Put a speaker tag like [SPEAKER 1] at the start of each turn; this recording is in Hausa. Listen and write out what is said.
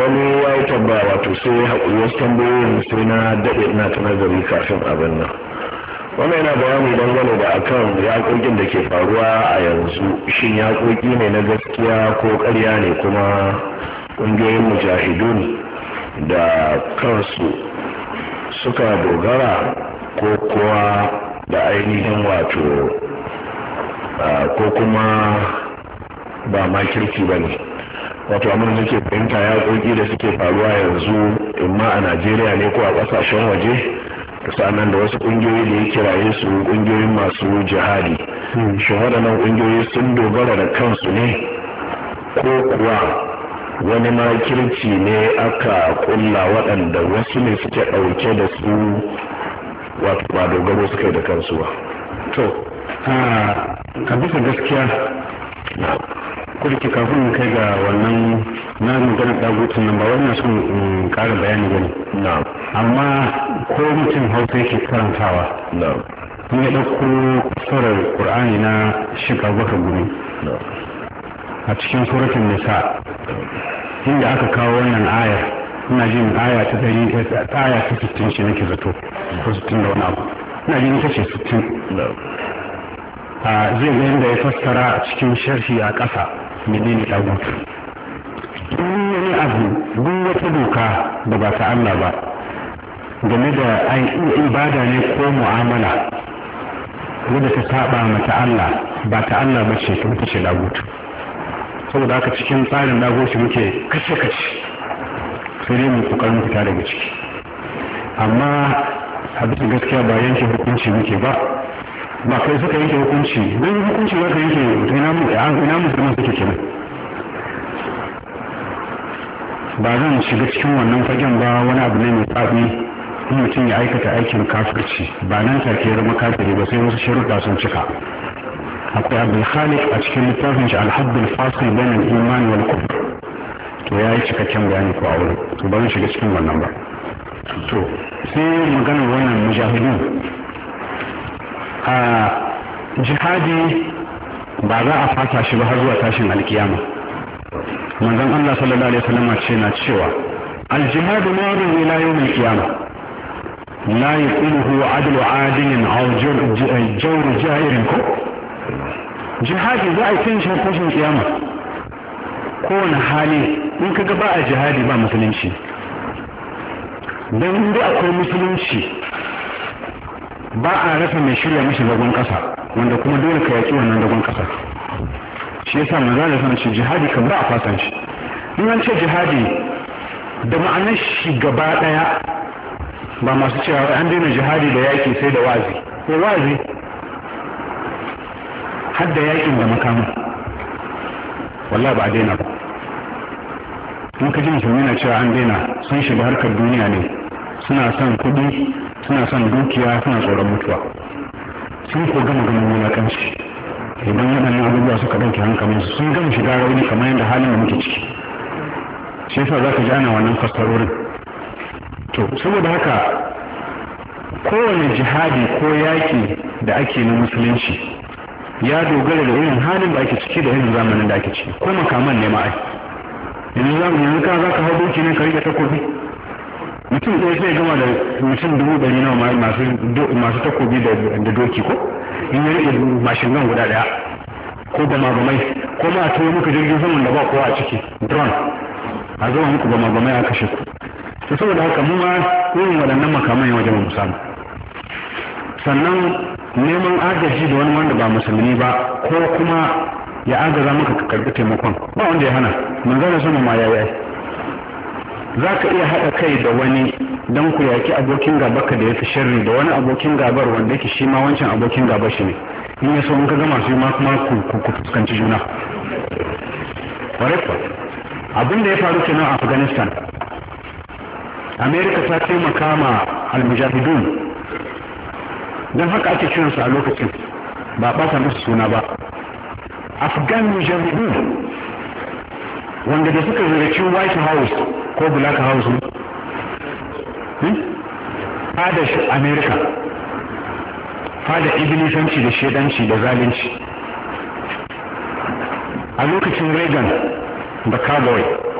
[SPEAKER 1] wani ya yi tambaya wato sai ya haƙuri wasu tambayoyin sai na daɗe na ta nazari kafin abin nan wannan yana bayani dangane da akan yaƙoƙin da ke faruwa a yanzu shin yaƙoƙi ne na gaskiya ko ƙarya ne kuma ƙungiyoyin mujahidun da kansu suka dogara ko kuwa da ainihin wato ko kuma ba ma kirki ba ne wato abin da nake fahimta ya koki da suke faruwa yanzu imma a najeriya ne ko a kasashen waje sannan da wasu kungiyoyi da ya kiraye su kungiyoyin masu jihadi hmm. shi waɗannan kungiyoyi sun dogara da kansu ne ko kuwa wani makirci ne aka kulla waɗanda wasu ne suke ɗauke da su wato ba dogaro suka yi da kansu ba to ah,
[SPEAKER 2] a bisa gaskiya kurki kafin ke kafin kai ga wannan na magana ɗagutun nan ba wannan sun ƙara bayani ba ne amma ko mutum hausa yake karantawa ne ya ɗauko tsorar ƙur'ani na shiga baka gumi a cikin suratun nisa inda aka kawo wannan ayar ina jin aya ta dari aya ta sittin shi nake zato ko sittin da wani abu ina jin ita ce sittin zai ga yadda ya fassara cikin sharhi a ƙasa menene ɗagutu duk wani abu duk wata doka da ba ta Allah ba game da ibada ne ko mu'amala wadda ta saba mata Allah ba ta Allah ba ce ta mutu ce saboda haka cikin tsarin dagoshi muke kashe kashe sai dai mu kokarin fita daga ciki amma a bisa gaskiya ba yanke hukunci muke ba ba kai suka yanke hukunci don hukunci yanke ina musulman suke kenan ba zan shiga cikin wannan fagen ba wani abu ne mai tsafi in mutum ya aikata aikin kafirci ba nan take ya zama kafiri ba sai wasu sharuɗa sun cika akwai abul khalid a cikin littafin shi alhabdul fasil bainal iman wal kufr to yayi cikakken bayani ko a wurin to ba zan shiga cikin wannan ba to sai maganar wannan mujahidin a ah, jihadi ba za a fata shi ba har zuwa tashin alkiyama manzon Allah sallallahu alaihi wasallam ce na cewa aljihadu maru ila al qiyama la yaqulahu adlu adilin aw jawr jairin ko jihadi za a kin shi tashin kiyama kowane hali in kaga ba a jihadi ba musulunci don inda akwai musulunci ba a rasa mai shirya mashi zagon kasa. wanda kuma dole ka yaki wannan dagon kasar shi yasa manzo da sanin jihadi kan ba a fasan shi in ce jihadi da ma'anar shi gaba daya ba masu cewa an daina jihadi da yaki sai da wazi ko wazi har yakin da makamu walla ba a daina ba in ka ji musulmi na cewa an daina sun shiga harkar duniya ne suna son kuɗi suna son dukiya suna tsoron mutuwa sun ko gama ganin kanci idan waɗannan abubuwa suka ɗauke su sun gama shiga rauni kamar yadda halin da muke ciki shi yasa za ka ji ana wannan fassarorin to saboda haka kowane jihadi ko yaƙi da ake na musulunci ya dogara da irin halin da ake ciki da irin zamanin da ake ciki ko makaman ne ma'ai yanzu zamanin ka za ka hau doki ne ka rike takobi mutum ɗaya zai gama da mutum dubu ɗari na masu takobi da doki ko in yi rike mashin gan guda ɗaya ko da magamai ko ma a tuwo muka jirgin saman da ba kowa a ciki drone a zama muku ba magamai a kashe ku to saboda haka mu ma irin waɗannan makamai wajen mu samu sannan neman agaji da wani wanda ba musulmi ba ko kuma ya agaza muka ka karɓi taimakon ba wanda ya hana manzana sama ma ya yi za ka iya haɗa kai da wani don ku yaki abokin gaba ka da ya fi sharri da wani abokin gabar wanda ke shi ma wancan abokin gaba shi ne in ya so in ka gama shi ma kuma ku fuskanci juna ƙwararfa abin ya faru kenan a afghanistan amerika ta taimaka ma almujahidun don haka ake kiransu a lokacin ba a ɓata musu suna ba afghan mujahidun wanda da suka ziyarci white house ko black house hmm? fada shi america fada ibilisanci da shedanci da zalunci a lokacin reagan da cowboy